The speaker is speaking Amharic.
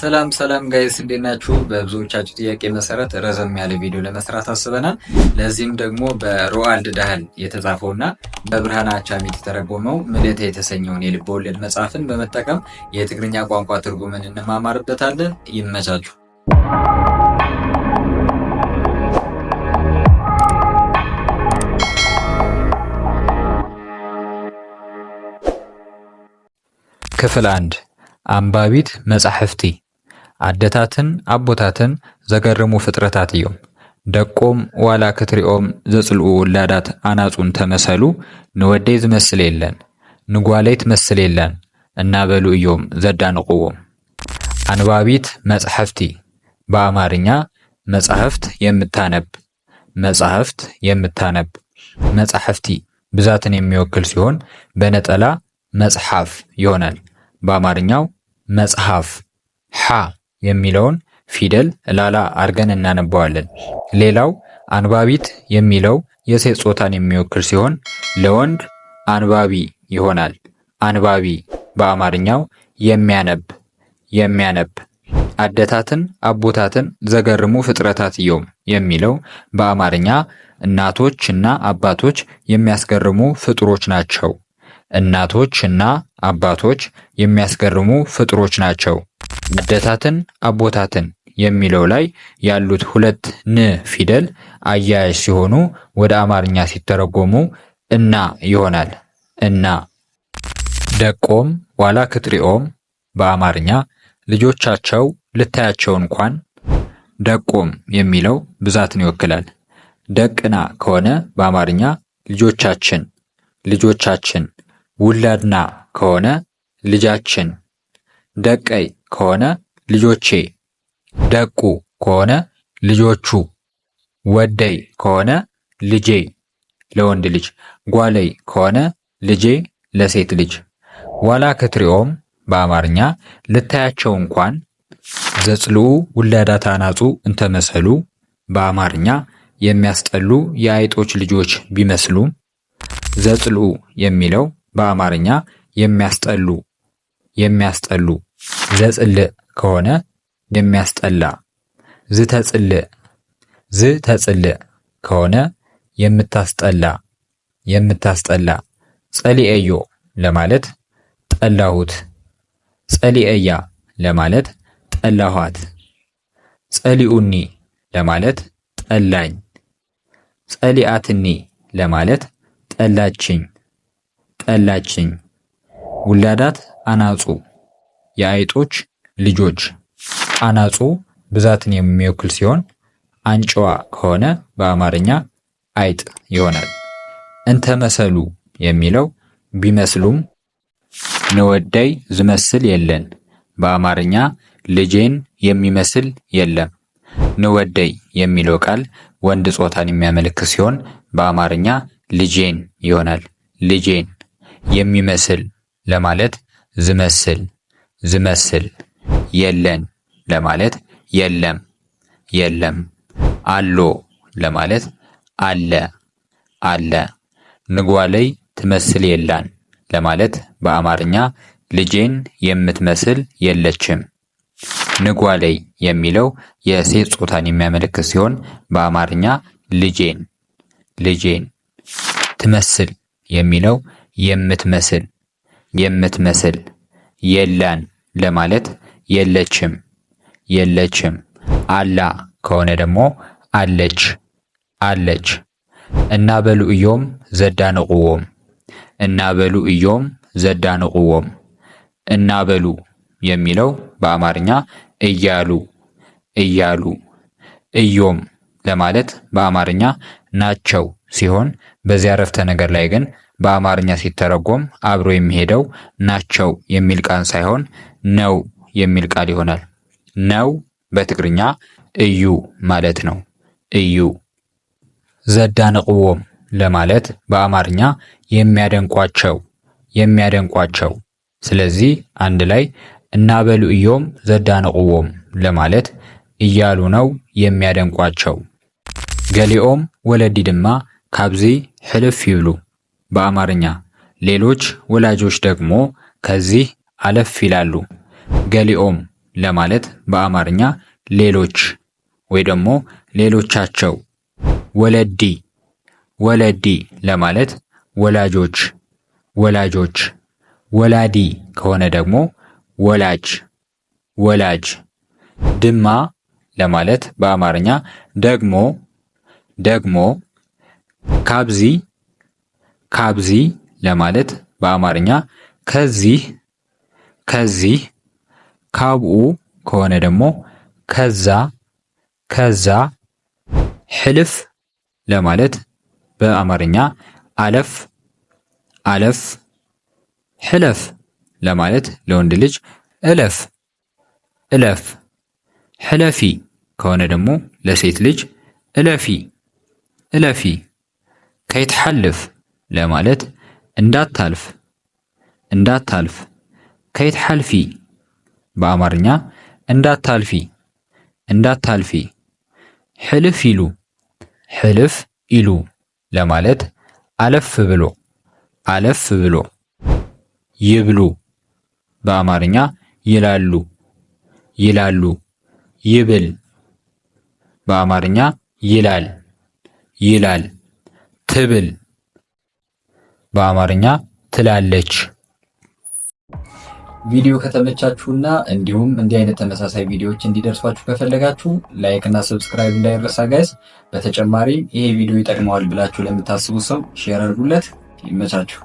ሰላም ሰላም ጋይስ እንዴት ናችሁ? በብዙዎቻችሁ ጥያቄ መሰረት ረዘም ያለ ቪዲዮ ለመስራት አስበናል። ለዚህም ደግሞ በሮአልድ ዳህል የተጻፈውና በብርሃን አቻሜ የተተረጎመው ምልዕተ የተሰኘውን የልብ ወለድ መጽሐፍን በመጠቀም የትግርኛ ቋንቋ ትርጉምን እንማማርበታለን። ይመቻችሁ። ክፍል አንድ አንባቢት መጻሕፍቲ አደታትን አቦታትን ዘገርሙ ፍጥረታት እዮም ደቆም ዋላ ክትሪኦም ዘጽልኡ ውላዳት ኣናጹን ተመሰሉ ንወደይ ዝመስል የለን ንጓለይ ትመስል የለን እናበሉ እዮም ዘዳንቕዎም አንባቢት መጽሕፍቲ በአማርኛ መጻሕፍት የምታነብ መጻሕፍት የምታነብ መጻሕፍቲ ብዛትን የሚወክል ሲሆን በነጠላ መጽሐፍ ይሆናል። በአማርኛው መጽሐፍ ሓ የሚለውን ፊደል ላላ አድርገን እናነባዋለን። ሌላው አንባቢት የሚለው የሴት ጾታን የሚወክል ሲሆን ለወንድ አንባቢ ይሆናል። አንባቢ በአማርኛው የሚያነብ የሚያነብ አደታትን አቦታትን ዘገርሙ እዮም የሚለው በአማርኛ እናቶች እና አባቶች የሚያስገርሙ ፍጡሮች ናቸው እናቶች እና አባቶች የሚያስገርሙ ፍጥሮች ናቸው። እደታትን አቦታትን የሚለው ላይ ያሉት ሁለት ን ፊደል አያያዥ ሲሆኑ ወደ አማርኛ ሲተረጎሙ እና ይሆናል። እና ደቆም ዋላ ክትሪኦም በአማርኛ ልጆቻቸው ልታያቸው እንኳን ደቆም የሚለው ብዛትን ይወክላል። ደቅና ከሆነ በአማርኛ ልጆቻችን ልጆቻችን ውላድና ከሆነ ልጃችን፣ ደቀይ ከሆነ ልጆቼ፣ ደቁ ከሆነ ልጆቹ፣ ወደይ ከሆነ ልጄ ለወንድ ልጅ፣ ጓለይ ከሆነ ልጄ ለሴት ልጅ። ዋላ ክትሪኦም በአማርኛ ልታያቸው እንኳን ዘጽልኡ ውላዳ ታናጹ እንተመሰሉ በአማርኛ የሚያስጠሉ የአይጦች ልጆች ቢመስሉም ዘጽልኡ የሚለው በአማርኛ የሚያስጠሉ የሚያስጠሉ ዘጽልእ ከሆነ የሚያስጠላ ዝተጽልእ ዝተጽልእ ከሆነ የምታስጠላ የምታስጠላ ጸሊኤዮ ለማለት ጠላሁት ጸሊኤያ ለማለት ጠላኋት ጸሊኡኒ ለማለት ጠላኝ ጸሊአትኒ ለማለት ጠላችኝ ጠላችኝ። ውላዳት አናጹ የአይጦች ልጆች። አናጹ ብዛትን የሚወክል ሲሆን አንጭዋ ከሆነ በአማርኛ አይጥ ይሆናል። እንተመሰሉ የሚለው ቢመስሉም ንወዳይ ዝመስል የለን በአማርኛ ልጄን የሚመስል የለም። ንወደይ የሚለው ቃል ወንድ ጾታን የሚያመለክት ሲሆን በአማርኛ ልጄን ይሆናል። ልጄን የሚመስል ለማለት ዝመስል ዝመስል የለን ለማለት የለም የለም አሎ ለማለት አለ አለ ንጓለይ ትመስል የላን ለማለት በአማርኛ ልጄን የምትመስል የለችም። ንጓለይ የሚለው የሴት ጾታን የሚያመለክት ሲሆን በአማርኛ ልጄን ልጄን ትመስል የሚለው የምትመስል የምትመስል የላን ለማለት የለችም የለችም አላ ከሆነ ደግሞ አለች አለች እና በሉ እዮም ዘዳንቁዎም እና በሉ እዮም ዘዳንቁዎም እና በሉ የሚለው በአማርኛ እያሉ እያሉ እዮም ለማለት በአማርኛ ናቸው ሲሆን በዚህ አረፍተ ነገር ላይ ግን በአማርኛ ሲተረጎም አብሮ የሚሄደው ናቸው የሚል ቃል ሳይሆን ነው የሚል ቃል ይሆናል። ነው በትግርኛ እዩ ማለት ነው። እዩ ዘዳንቅዎም ለማለት በአማርኛ የሚያደንቋቸው የሚያደንቋቸው። ስለዚህ አንድ ላይ እናበሉ እዮም ዘዳንቅዎም ለማለት እያሉ ነው የሚያደንቋቸው። ገሊኦም ወለዲ ድማ ካብዚ ሕልፍ ይብሉ በአማርኛ ሌሎች ወላጆች ደግሞ ከዚህ አለፍ ይላሉ። ገሊኦም ለማለት በአማርኛ ሌሎች ወይ ደግሞ ሌሎቻቸው፣ ወለዲ ወለዲ ለማለት ወላጆች ወላጆች፣ ወላዲ ከሆነ ደግሞ ወላጅ ወላጅ፣ ድማ ለማለት በአማርኛ ደግሞ ደግሞ ካብዚ ካብዚ ለማለት በአማርኛ ከዚህ ከዚህ ካብኡ ከሆነ ደግሞ ከዛ ከዛ ሕልፍ ለማለት በአማርኛ አለፍ አለፍ ሕለፍ ለማለት ለወንድ ልጅ እለፍ እለፍ ሕለፊ ከሆነ ደግሞ ለሴት ልጅ እለፊ እለፊ ከይትሐልፍ ለማለት እንዳታልፍ እንዳታልፍ ከይትሐልፊ በአማርኛ እንዳታልፊ እንዳታልፊ ሕልፍ ኢሉ ሕልፍ ኢሉ ለማለት አለፍ ብሎ አለፍ ብሎ ይብሉ በአማርኛ ይላሉ ይላሉ ይብል በአማርኛ ይላል ይላል። ትብል በአማርኛ ትላለች። ቪዲዮ ከተመቻችሁና እንዲሁም እንዲህ አይነት ተመሳሳይ ቪዲዮዎች እንዲደርሷችሁ ከፈለጋችሁ ላይክ እና ሰብስክራይብ እንዳይረሳ ጋይስ። በተጨማሪም ይሄ ቪዲዮ ይጠቅመዋል ብላችሁ ለምታስቡ ሰው ሼር አድርጉለት። ይመቻችሁ።